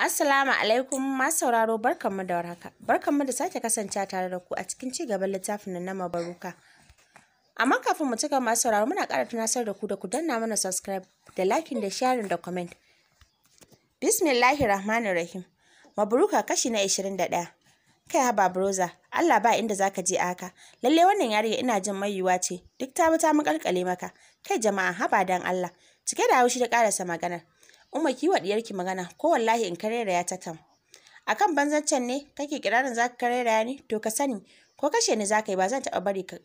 Assalamu alaikum masu sauraro barkanmu da warhaka. Barkanmu da sake kasancewa tare da ku a cikin ci gaban littafin na mabaruka. Amma kafin mu cika masu sauraro muna ƙara tunasar da ku da ku danna mana subscribe da lakin da sharing da comment. Bismillahir Rahmanir Rahim. Mabaruka kashi na 21. Kai haba broza, Allah ba inda zaka je aka. Lalle wannan yarinya ina jin mayuwa ce. Duk ta bi ta makalkale maka. Kai jama'a haba dan Allah. Cike da haushi da ƙarasa maganar. umma kiwa ki magana ko wallahi in karera ya tatam akan banzancen ne kake kirarin zaka karera ni to ka sani ko kashe ni zaka yi ba zan taɓa bari ka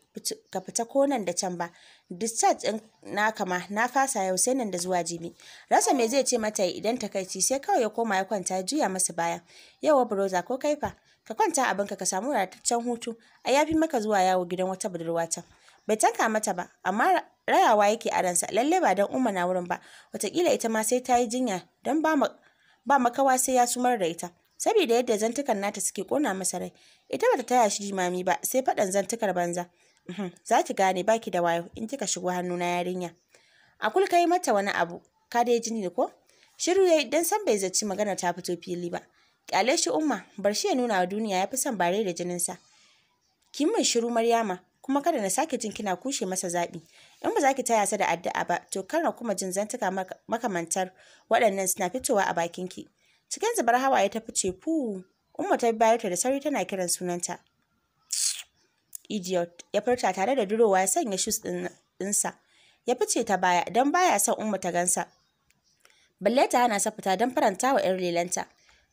fita ko nan da can ba discharge ɗin na kama na fasa yau sai nan da zuwa jibi rasa me zai ce mata idan ta kai sai kawai ya koma ya kwanta juya masa baya yawa broza ko kaifa ka kwanta abinka ka samu wadataccen hutu a yafi maka zuwa yawo gidan wata budurwata. bai tanka mata ba amma rayawa yake a ransa lalle ba don umma na wurin ba watakila ita ma sai ta yi jinya don ba makawa sai ya sumar da ita saboda yadda zantukan nata suke kona masa rai ita bata taya shi jimami ba sai faɗan zantukar banza uhm, za ki gane ba ki da wayo in kika shigo hannu na yarinya akul yi mata wani abu ka dai jini ko shiru yayi dan san bai zaci magana ta fito fili ba kyale shi umma bar shi ya nuna wa duniya ya fi son bare da jininsa kin mai shiru maryama kuma kada na sake jin kina kushe masa zaɓi. In ba za ki taya sa da addu'a ba, to kar kuma jin zantuka makamantar waɗannan suna fitowa a bakin ki. Cikin zubar hawaye ta fice fu, Umma ta bayar ta da sauri tana kiran sunanta. Idiot, ya furta tare da durowa ya sanya shoes ɗinsa. Ya fice ta baya don baya son Umma ta gansa. Balle ta hana sa fita don faranta wa 'yar lelanta.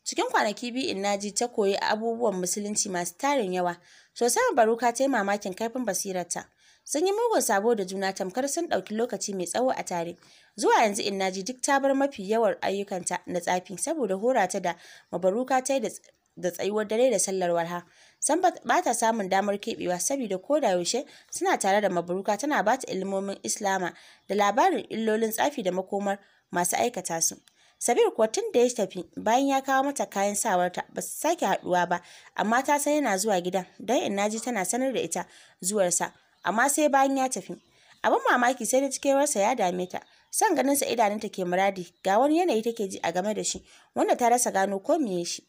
Cikin kwanaki biyu in ji ta koyi abubuwan Musulunci masu tarin yawa, sosai Baruka ta yi mamakin kaifin basirarta. Sun yi mugun sabo da juna tamkar sun ɗauki lokaci mai tsawo a tare. Zuwa yanzu in naji duk ta bar mafi yawan ayyukanta na tsafi saboda hora ta da mabaruka ta yi da tsayuwar dare da sallar warha. San ba ta samun damar keɓewa saboda ko da yaushe suna tare da mabaruka tana ba ta ilimomin Islama da labarin illolin tsafi da makomar masu aikata su. Sabir kuwa tun da ya tafi bayan ya kawo mata kayan sawarta ba su sake haɗuwa ba amma ta san yana zuwa gidan don Innaji tana sanar da ita zuwarsa amma sai bayan ya tafi. Abin mamaki sai da cikewarsa ya dame ta. Son ganinsa idanunta ke muradi ga wani yanayi take ji a game da shi wanda ta rasa gano ko meye shi.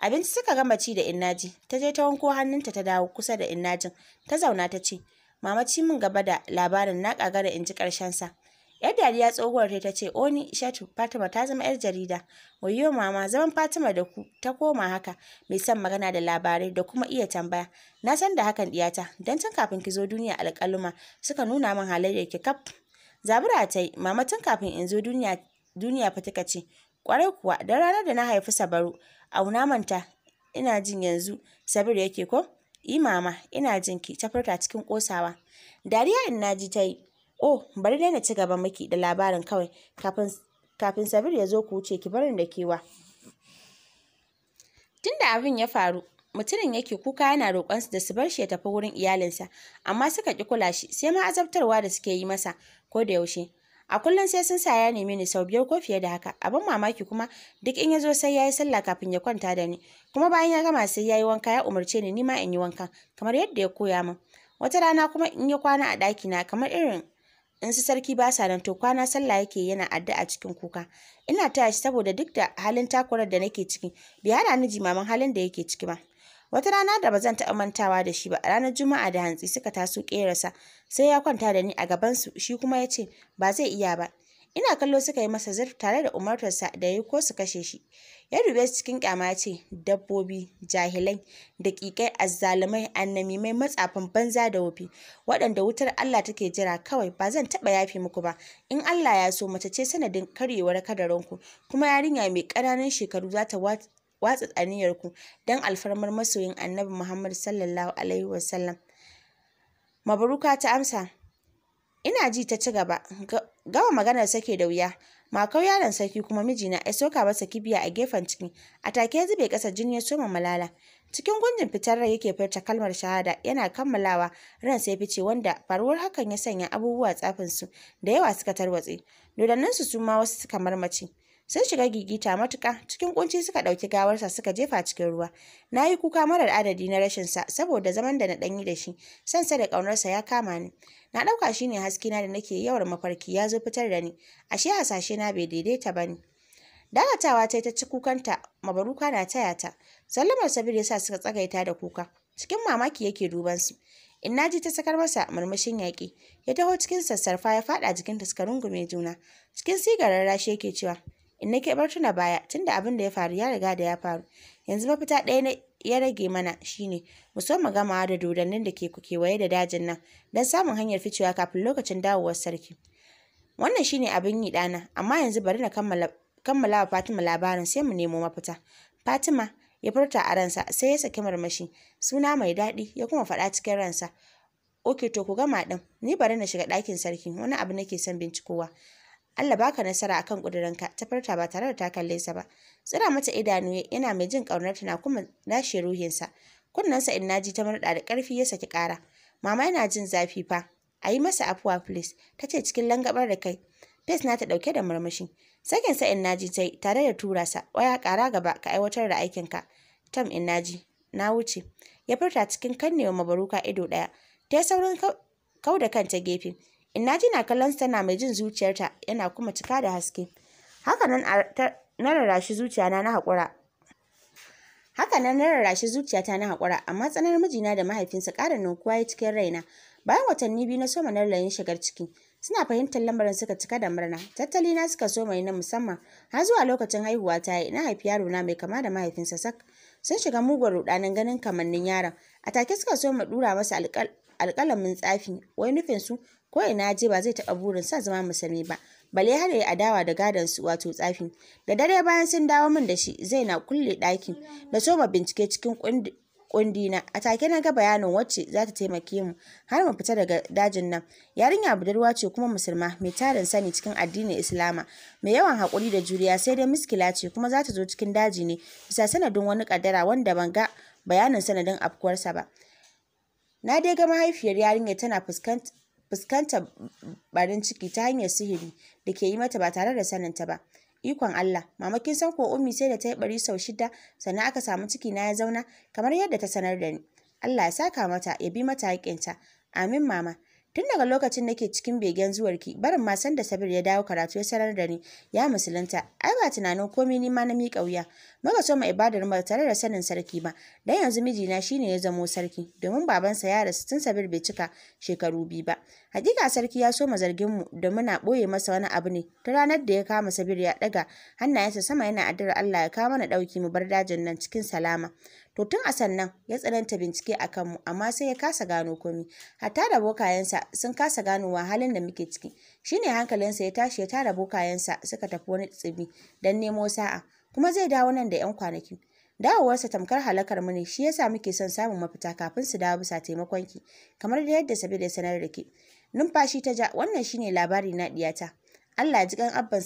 Abinci suka gama ci da Innaji ta je ta wanko hannunta ta dawo kusa da Innajin ta zauna ta ce mama ci min gaba da labarin na ƙagara in ji sa Yar dariya tsohuwar ta ce, "Oni, oh, Shatu, Fatima ta zama 'yar jarida. Wayo mama, zaman Fatima da ku ta koma haka, mai son magana da labarai da kuma iya tambaya. Na san da hakan diyata, don tun kafin ki zo duniya alkaluma suka nuna min halayyar ki kaf. Zabura ta yi, mama tun kafin in zo duniya duniya fa ce, kwarai kuwa, da ranar da na haifi Sabaru, auna manta, ina jin yanzu, Sabiru yake ko? I mama, ina jinki, ta furta cikin kosawa Dariya in naji ta yi, oh bari dai na ci gaba miki da labarin kawai kafin kafin sabir ya zo ku wuce ki barin da kewa tunda abin ya faru mutumin yake kuka yana su da su bar shi ya tafi wurin iyalinsa amma suka ki kula shi sai ma azabtarwa da suke yi masa ko da yaushe a kullum sai sun sa ya nemi ni sau biyar ko fiye da haka abin mamaki kuma duk in ya zo sai ya yi sallah kafin ya kwanta da ni kuma bayan ya gama sai ya yi wanka ya umarce ni ni ma in yi wanka kamar yadda ya koya min wata rana kuma in ya kwana a ɗakina kamar irin in su sarki ba sa nan to kwana sallah yake yana addu'a cikin kuka ina taya shi saboda duk da halin takurar da nake ciki bai hana ni jimamin halin da yake ciki ba wata rana da ba zan taɓa mantawa da shi ba ranar juma'a da hantsi suka taso ƙerasa sai ya kwanta da ni a gaban su shi kuma ya ce ba zai iya ba ina kallo suka yi masa zurf tare da umartarsa da ya ko su kashe shi ya dube su cikin kyama ce dabbobi jahilai da daƙiƙai azzalumai mai matsafin banza da wofi waɗanda wutar Allah take jira kawai ba zan taɓa yafi muku ba in Allah ya so mace ce sanadin karyewar kadaranku kuma yarinya mai ƙananan shekaru za ta watsa tsaniyarku don alfarmar masoyin annabi Muhammad sallallahu alaihi wasallam mabaruka ta amsa ina ji ta ci gaba gama maganar sake da wuya makau yaron sarki kuma mijina ya soka masa kibiya a gefen ciki a take ya zube ƙasa jini ya soma malala cikin gunjin fitar rai yake furta kalmar shahada yana kammalawa ran sai fice wanda faruwar hakan ya sanya abubuwa tsafin su da yawa suka tarwatse dodannin su suma wasu kamar mace. sun shiga gigita matuka cikin kunci suka ɗauki gawarsa suka jefa cikin ruwa na yi kuka marar adadi na rashinsa saboda zaman da na ɗanyi da shi sansa da ƙaunarsa ya kama ni na ɗauka shi ne na da nake yawar mafarki ya zo fitar da ni ashe hasashe na bai daidaita ba ne dakatawa ta ta ci kukanta mabaruka na taya ta sallamar sabir ya sa suka tsagaita da kuka cikin mamaki yake duban su Inna ji ta sakar masa murmushin yaƙi, ya taho cikin sassarfa ya faɗa jikinta suka rungume juna. Cikin sigarar rashi yake cewa, in ke bar tuna baya tunda abin da ya faru ya riga da ya faru yanzu mafita ɗaya ya rage mana shine mu so mu gamawa da dodannin da ke kewaye da dajin nan don samun hanyar ficewa kafin lokacin dawowar sarki wannan shine abin yi ɗana amma yanzu bari na kammala kammala wa Fatima labarin sai mu nemo mafita Fatima ya furta a ransa sai ya saki marmashi suna mai daɗi ya kuma faɗa cikin ransa Oke to ku gama ɗin ni bari na shiga ɗakin sarki wani abu nake son bincikowa Allah baka nasara akan ka ta farta ba tare da ta kalle sa ba tsira mata idanu yana mai jin ƙaunar tana kuma lashe ruhinsa sa in naji ta murda da karfi ya saki kara mama yana jin zafi fa a yi masa afuwa please tace cikin langabar da kai fes na ta ɗauke da murmushi sakin sa in naji ta tare da tura sa waya kara gaba ka aiwatar da aikinka tam in naji na wuce ya furta cikin kannewa mabaruka ido ɗaya ta saurin kau da kanta gefe Innaji na kallon sa tana mai jin zuciyarta yana kuma cika da haske. Haka nan na rarrashi zuciyana na haƙura. Haka nan na rarrashi zuciyata na haƙura amma tsanar mijina da mahaifinsa ƙara nukuwa ya cikin raina. Bayan watanni biyu na soma layin shigar ciki, suna fahimtar lamarin suka cika da murna. Tattali na suka soma na musamman har zuwa lokacin haihuwa ta yi na haifi yaro na mai kama da mahaifinsa sak. Sun shiga mugun rudanin ganin kamannin yaron. A take suka soma dura masa alƙalamin tsafi, wai nufin su ko ina je ba zai taɓa burin sa zama musulmi ba bale har ya adawa da gadon su wato tsafi da dare bayan sun dawo min da shi zai na kulle ɗakin na soma bincike cikin kundi na a take na ga bayanin wacce za ta taimake mu har mu fita daga dajin nan yarinya budurwa ce kuma musulma mai tarin sani cikin addinin islama mai yawan haƙuri da juriya sai dai miskila ce kuma za ta zo cikin daji ne bisa sanadin wani kaddara wanda ban ga bayanin sanadin afkuwarsa ba na dai ga mahaifiyar yarinya tana fuskantar fuskantar barin ciki ta hanyar sihiri da ke yi mata ba tare da saninta ba. Ikon Allah, mama kin san ko ummi sai da ta yi bari sau shida sannan aka samu ciki na ya zauna kamar yadda ta sanar da ni. Allah ya saka mata ya bi mata haƙƙinta. Amin mama. tun daga lokacin nake cikin begen zuwarki barin ma san da sabir ya dawo karatu ya sanar da ni ya musulunta ai ba tunanin komai ni ma na miƙa wuya muka so mu ibadar mu tare da sanin sarki ba dan yanzu mijina shine ya zamo sarki domin babansa ya rasu tun sabir bai cika shekaru biyu ba hakika sarki ya so mu zargin mu da muna boye masa wani abu ne ta ranar da ya kama sabir ya daga hannayensa sama yana addu'ar Allah ya kawo mana dauki mu bar dajin nan cikin salama To tun a sannan ya tsananta bincike a kanmu amma sai ya kasa gano komi. Hatta da bokayensa sun kasa ganowa halin da muke ciki. Shi ne hankalinsa ya tashi ya tara bokayensa suka tafi wani tsibi don nemo sa'a. Kuma zai dawo nan da 'yan kwanaki. Dawowarsa tamkar halakar mu ne shi yasa muke son samun mafita kafin su dawo bisa taimakonki kamar da yadda sabi da sanar da ke. Numfashi ta ja wannan shine labari na diyata. Allah ji kan abban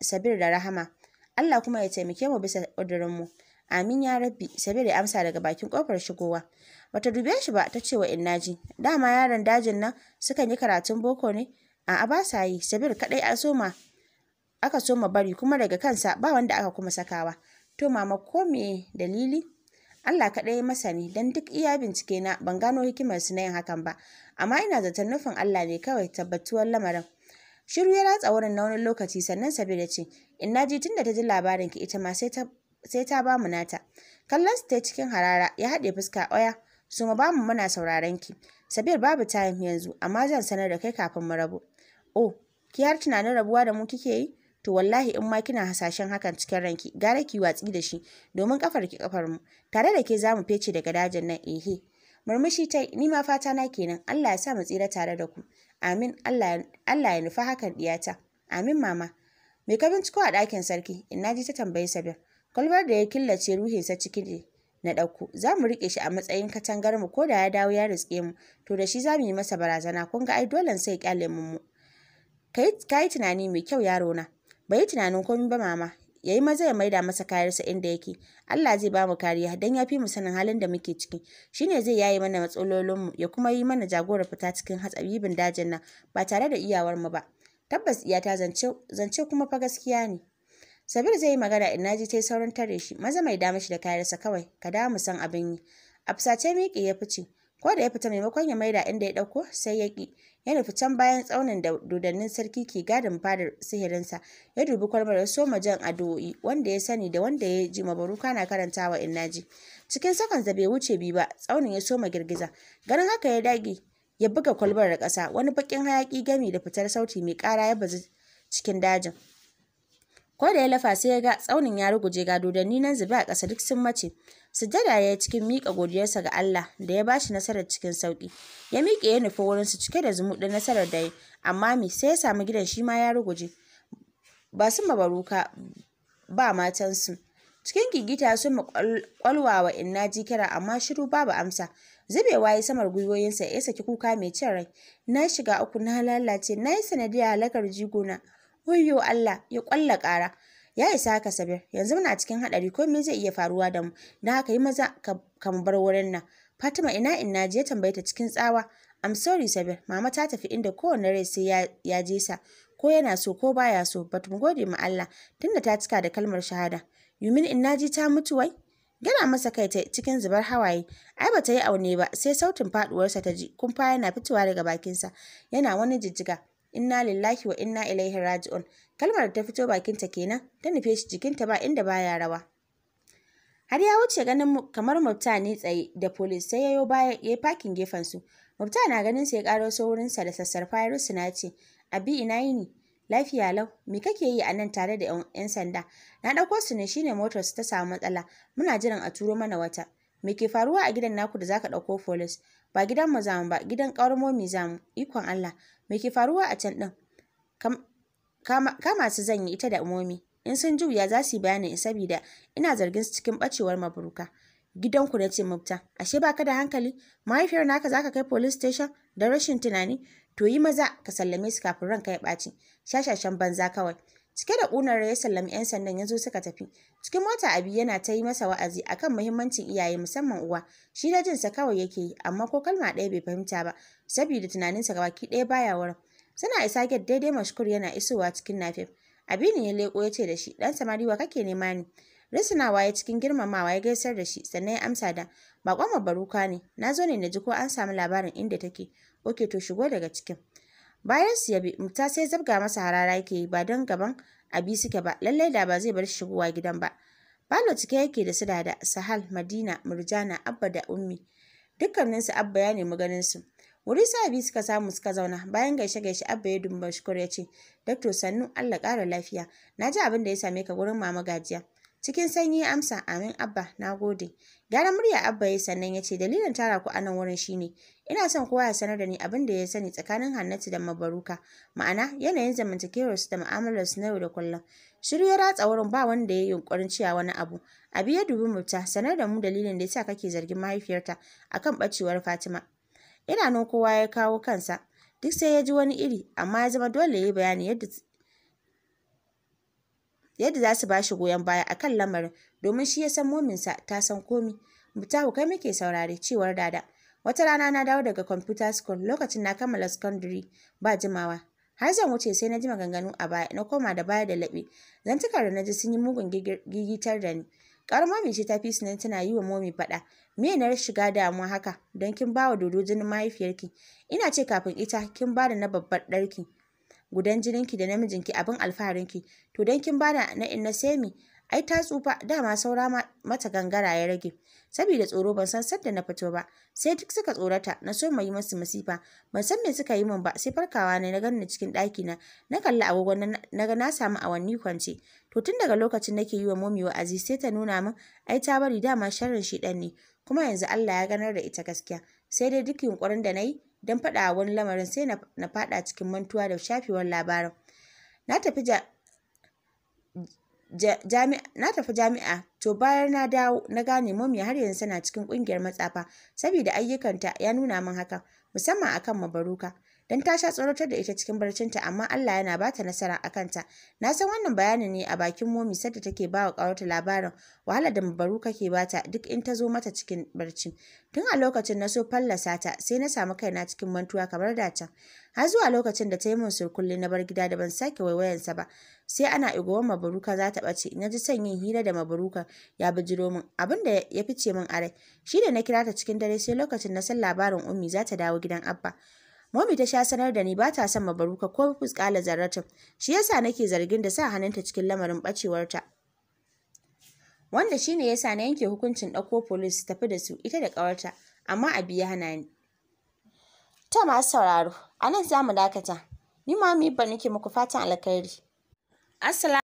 sabir da rahama. Allah kuma ya taimake mu bisa ƙudurinmu. mu. Amin ya rabbi, Sabir ya amsa daga bakin kofar shigowa. Bata dube shi ba ta ce wa Innaji, dama yaran dajin nan sukan yi karatun boko ne? A'a ba sa yi, Sabir kaɗai a soma. Aka soma bari kuma daga kansa ba wanda aka kuma sakawa. To mama ko me dalili? Allah kaɗai masani don duk iya bincike na ban gano hikimar su na yin hakan ba. Amma ina zaton nufin Allah ne kawai tabbatuwar lamarin. Shiru ya ratsa wurin na wani lokaci sannan sabida ya ce, Innaji tun da ta ji labarin ki ita ma sai ta sai ta bamu nata kallon su ta cikin harara ya haɗe fuska oya su ma bamu muna sauraron ki sabir babu tayin yanzu amma zan sanar da kai kafin mu rabu oh ki har tunanin rabuwa da mu kike yi to wallahi in ma kina hasashen hakan cikin ranki gara ki watsi da shi domin kafar ki kafar mu tare da ke zamu fece daga dajin nan ehe murmushi tai ni ma fata na kenan Allah ya sa mu tsira tare da ku amin Allah ya nufa hakan diyata amin mama me ka binciko a ɗakin sarki Ina ji ta tambayi Sabir Kwalbar da ya killace ruhinsa ciki na ɗauko. Za mu riƙe shi a matsayin katangar mu ko da ya dawo ya riske mu, to da shi za mu yi masa barazana kun ga ai dole sai ƙyale mu. Ka yi tunani mai kyau yaro na. Bai yi tunanin komai ba mama. Yayi maza ya maida masa kayarsa inda yake. Allah zai bamu kariya dan ya fi mu sanin halin da muke ciki. Shine zai yaye mana matsalolinmu ya kuma yi mana jagorar fita cikin hatsabibin dajin nan ba tare da iyawar mu ba. Tabbas iyata zance kuma fa gaskiya ne. Sabir zai yi magana in naji ta saurin tare shi, maza mai dama shi da kayarsa kawai, ka damu mu san abin yi. A fusace miƙe ya fice, ko da ya fita maimakon ya maida inda ya ɗauko sai ya ƙi. Ya nufi can bayan tsaunin da dodannin sarki ke gadin fadar sihirinsa, ya dubi kwalbar ya soma jan addu'o'i wanda ya sani da wanda ya ji mabaruka na karantawa in naji. Cikin sakan da bai wuce biyu ba, tsaunin ya soma girgiza. Ganin haka ya dage ya buga kwalbar da ƙasa, wani baƙin hayaƙi gami da fitar sauti mai ƙara ya bazu cikin dajin. ko da ya lafa sai ya ga tsaunin ya ruguje ga dodanni nan zube a ƙasa duk sun mace sujjada ya cikin miƙa godiyarsa ga Allah da ya bashi nasarar cikin sauƙi ya miƙe ya nufi wurin su cike da zumuɗin nasarar da ya amma me sai ya samu gidan shi ma ya ruguje ba su mabaruka ba matansu cikin gigita sun makwalwa wa inna jikira amma shiru babu amsa zubewa ya samar gwiwoyinsa ya saki kuka mai cin rai na shiga uku na lalace na yi sanadiyar halakar jigona Wayyo Allah ya kwalla kara. Ya isa haka Sabir, yanzu muna cikin haɗari ko me zai iya faruwa da mu, dan haka yi maza ka mu bar wurin nan. Fatima ina ina je tambayi ta cikin tsawa. I'm sorry Sabir, mama ta tafi inda kowane rai sai ya je sa, ko yana so ko baya so, but mu gode ma Allah tunda ta cika da kalmar shahada. Yumin ina ji ta mutu wai? Gana masa kai ta cikin zubar hawaye, ai bata yi aune ba sai sautin faduwarsa ta ji, kumfa yana fitowa daga bakinsa, yana wani jijjiga. inna lillahi wa inna ilaihi raji'un kalmar da ta fito bakin bakinta kenan ta nufe shi jikin ta ba inda baya rawa har ya wuce ganin kamar mutane ne tsaye da police sai yayo baya ya fakin gefen su mafta na ganin sai ya karo saurin sa da sassarfa su na ce abi ina yini lafiya lau me kake yi a nan tare da yan sanda na dauko su ne shine motar su ta samu matsala muna jiran a turo mana wata me ke faruwa a gidan naku da zaka dauko police ba gidan mu zamu ba gidan ƙawar momi zamu ikon Allah me ke faruwa a can din kama su zanyi ita da momi in sun juya za su yi bayanin saboda ina zargin su cikin bacewar mabruka gidanku na ce mufta ashe baka da hankali mahaifiyar naka zaka kai police station da rashin tunani to yi maza ka sallame su kafin ranka ya ɓaci shashashan banza kawai cike da ƙunar ya sallami 'yan sandan ya zo suka tafi cikin mota abi yana ta yi masa wa'azi akan muhimmancin iyaye musamman uwa shi da jinsa kawai yake yi amma ko kalma ɗaya bai fahimta ba saboda tunaninsa gabaki ɗaya baya wurin suna isa gate daidai mashkur yana isowa cikin nafif abi ne ya leko ya ce da shi ɗan samariwa kake nema ni risinawa ya cikin girmamawa ya gaisar da shi sannan ya amsa da baƙon baruka ne na zo ne na ji ko an samu labarin inda take oke to shigo daga cikin bayan su yabi muta sai zabga masa harara yake yi ba don gaban abi suke ba lallai da ba zai bar shigowa gidan ba balo cike yake da su da sahal madina murjana abba da ummi dukkaninsu abba ya nemi ganin su wuri sa abi suka samu suka zauna bayan gaishe gaishe abba ya dumba shukur ya ce dakto sannu allah ƙara lafiya na ji abin da ya same ka gurin mama gajiya cikin sanyi amsa amin abba na gode Gyaran murya Abba ya sannan ya ce dalilin tara ku a wurin shine ina son kowa ya sanar da ni abin da ya sani tsakanin Hannatu da Mabaruka ma'ana yanayin zamantakewar su da mu'amalar su na yau da kullum. Shiru ya ratsa wurin ba wanda ya yi yunkurin ciya wani abu. Abi ya dubi mutta sanar da mu dalilin da ya sa kake zargin mahaifiyarta akan bacewar Fatima. Ina nan kowa ya kawo kansa duk sai ya ji wani iri amma ya zama dole ya yi bayani yadda yadda za su ba shi goyon baya a kan lamarin domin shi ya san mominsa ta san komi. Mutahu kai muke saurare cewar dada. Wata rana na dawo daga computer school lokacin na kammala secondary ba jimawa. Har zan wuce sai na ji maganganu a baya na koma da baya da laɓe. Zantukar da na ji sun yi mugun gigitar da ni. Ƙar momi ce ta fi nan tana yi wa momi faɗa. Me na shiga damuwa haka don kin bawa wa dodo jinin mahaifiyarki. Ina ce kafin ita kin bada na babbar ɗarki. gudan jininki da namijinki abin alfaharinki to don kin bada na inna semi ai ta tsufa dama saura mata gangara ya rage saboda tsoro ban san sadda na fito ba sai duk suka tsorata na so mai masu masifa ban san me suka yi min ba sai farkawa ne na ganni cikin ɗakina. na na kalli agogon na ga na samu awanni kwance to tun daga lokacin nake yi wa momi wa'azi sai ta nuna min ai ta bari dama sharrin shi ne kuma yanzu Allah ya ganar da ita gaskiya sai dai duk yunkurin da na yi don faɗa wani lamarin sai na faɗa cikin mantuwa da shafewar labarin na tafi jami'a to bayan na dawo na gane mami har yanzu tana cikin ƙungiyar matsafa saboda ayyukanta ya nuna min hakan musamman akan mabaruka don ta sha tsoratar da ita cikin barcinta amma Allah yana ba ta nasara a kanta. Na san wannan bayanin ne a bakin momi sadda take ba wa ƙawarta labarin wahala da mabaru kake bata duk in ta zo mata cikin barci. Tun a lokacin na so fallasa ta sai na samu kaina cikin mantuwa kamar da can. Har zuwa lokacin da ta yi min surkulli na bar gida da ban sake waiwayansa ba. sai ana igowar mabaruka za ta ɓace na ji son yin hira da mabaruka ya bijiro min abin da ya fice min a rai shi da na kira ta cikin dare sai lokacin na san labarin ummi za ta dawo gidan abba Momi ta sha sanar da ni ba ta son mabaruka ko fuskala zarratin. Shi yasa nake zargin da sa hannunta cikin lamarin bacewarta. Wanda shine yasa na yanke hukuncin ɗauko police su tafi da su ita da ƙawarta, amma abi ya hana ni. Ta masu sauraro, a nan za mu dakata. Ni ma mi ba nake muku fatan alkhairi. Assalamu